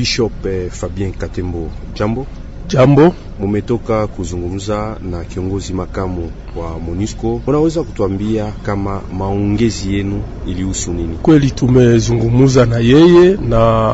Bishop eh, Fabien Katembo, jambo jambo. Mumetoka kuzungumza na kiongozi makamu wa MONUSCO, unaweza kutuambia kama maongezi yenu ilihusu nini? Kweli tumezungumza na yeye na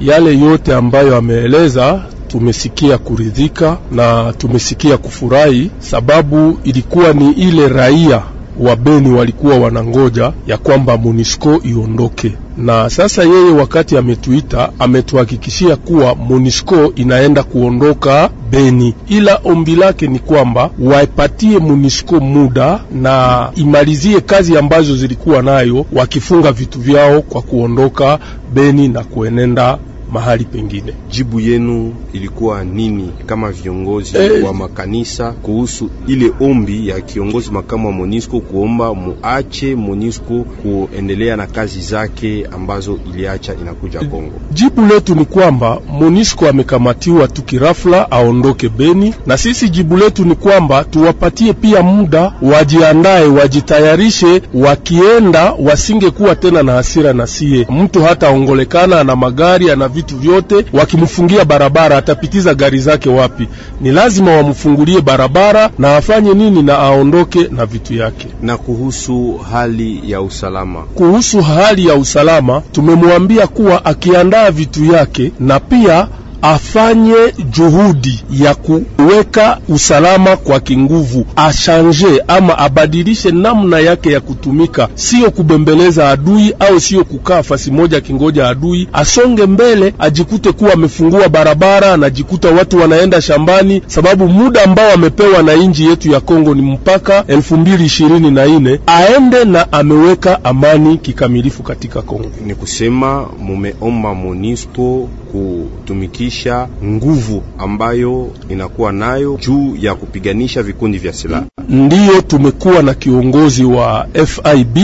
yale yote ambayo ameeleza tumesikia kuridhika na tumesikia kufurahi, sababu ilikuwa ni ile raia Wabeni walikuwa wanangoja ya kwamba MONUSCO iondoke, na sasa yeye wakati ametuita ametuhakikishia kuwa MONUSCO inaenda kuondoka Beni, ila ombi lake ni kwamba waipatie MONUSCO muda na imalizie kazi ambazo zilikuwa nayo, wakifunga vitu vyao kwa kuondoka Beni na kuenenda mahali pengine. Jibu yenu ilikuwa nini kama viongozi eh, wa makanisa kuhusu ile ombi ya kiongozi makamu wa Monisco kuomba muache Monisco kuendelea na kazi zake ambazo iliacha inakuja eh, Kongo? Jibu letu ni kwamba Monisco amekamatiwa tukirafla aondoke Beni, na sisi jibu letu ni kwamba tuwapatie pia muda wajiandae, wajitayarishe, wakienda wasingekuwa tena na hasira na sie mtu hata ongolekana na magari ana vitu vyote. Wakimfungia barabara, atapitiza gari zake wapi? Ni lazima wamfungulie barabara na afanye nini, na aondoke na vitu yake. Na kuhusu hali ya usalama, kuhusu hali ya usalama tumemwambia kuwa akiandaa vitu yake na pia afanye juhudi ya kuweka usalama kwa kinguvu, ashanje ama abadilishe namna yake ya kutumika, siyo kubembeleza adui au siyo kukaa fasi moja kingoja adui asonge mbele, ajikute kuwa amefungua barabara, anajikuta watu wanaenda shambani, sababu muda ambao amepewa na inji yetu ya Kongo ni mpaka elfu mbili ishirini na nne aende na ameweka amani kikamilifu katika Kongo. Ni kusema mumeomba MONUSCO kutumiki kuimarisha nguvu ambayo inakuwa nayo juu ya kupiganisha vikundi vya silaha. Ndiyo tumekuwa na kiongozi wa FIB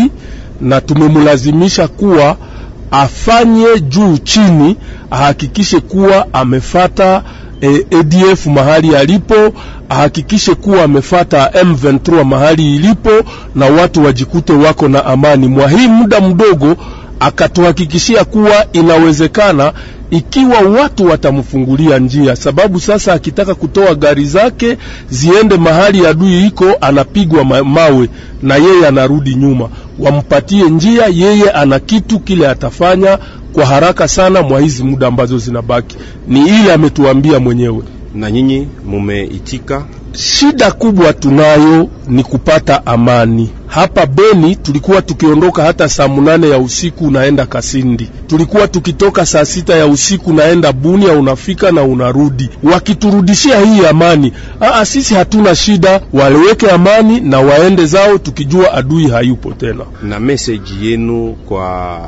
na tumemlazimisha kuwa afanye juu chini, ahakikishe kuwa amefata E, ADF mahali alipo, ahakikishe kuwa amefata M23 mahali ilipo, na watu wajikute wako na amani mwa hii muda mdogo akatuhakikishia kuwa inawezekana ikiwa watu watamfungulia njia, sababu sasa akitaka kutoa gari zake ziende mahali adui iko, anapigwa mawe na yeye anarudi nyuma. Wampatie njia, yeye ana kitu kile atafanya kwa haraka sana mwa hizi muda ambazo zinabaki. Ni ile ametuambia mwenyewe, na nyinyi mumeitika. Shida kubwa tunayo ni kupata amani hapa Beni tulikuwa tukiondoka hata saa munane ya usiku unaenda Kasindi, tulikuwa tukitoka saa sita ya usiku unaenda Bunia, unafika na unarudi. Wakiturudishia hii amani, aa, sisi hatuna shida, waliweke amani na waende zao, tukijua adui hayupo tena. Na meseji yenu kwa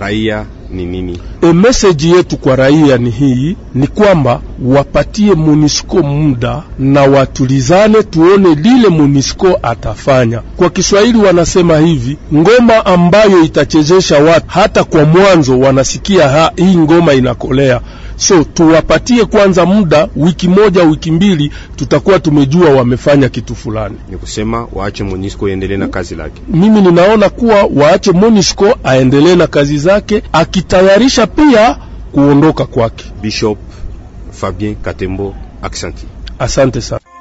raia ni nini? E, meseji yetu kwa raia ni hii, ni kwamba wapatie MONUSCO muda na watulizane, tuone lile MONUSCO atafanya. Kwa Kiswahili wanasema hivi, ngoma ambayo itachezesha watu hata kwa mwanzo wanasikia ha, hii ngoma inakolea. So tuwapatie kwanza muda wiki moja, wiki mbili, tutakuwa tumejua wamefanya kitu fulani. Ni kusema waache MONUSCO iendelee na kazi lake. Mimi ninaona kuwa waache MONUSCO aendelee na kazi zake aki kujitayarisha pia kuondoka kwake. Bishop Fabien Katembo Aksanti, asante sana.